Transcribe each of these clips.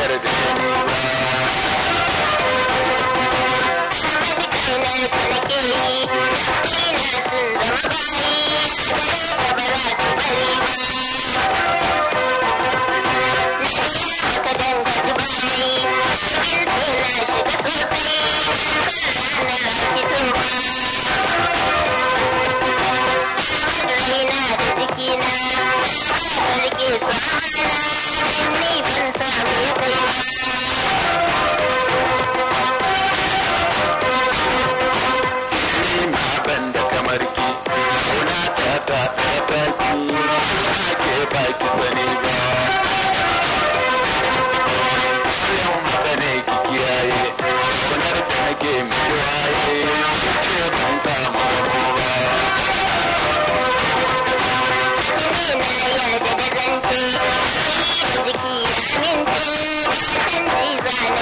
editing.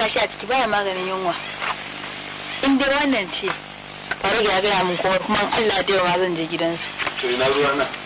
kashi a ciki baya maganin yunwa in dai wannan ce faru ya gaya min kuma kuma Allah da yawa zan je gidansu to ina zuwa nan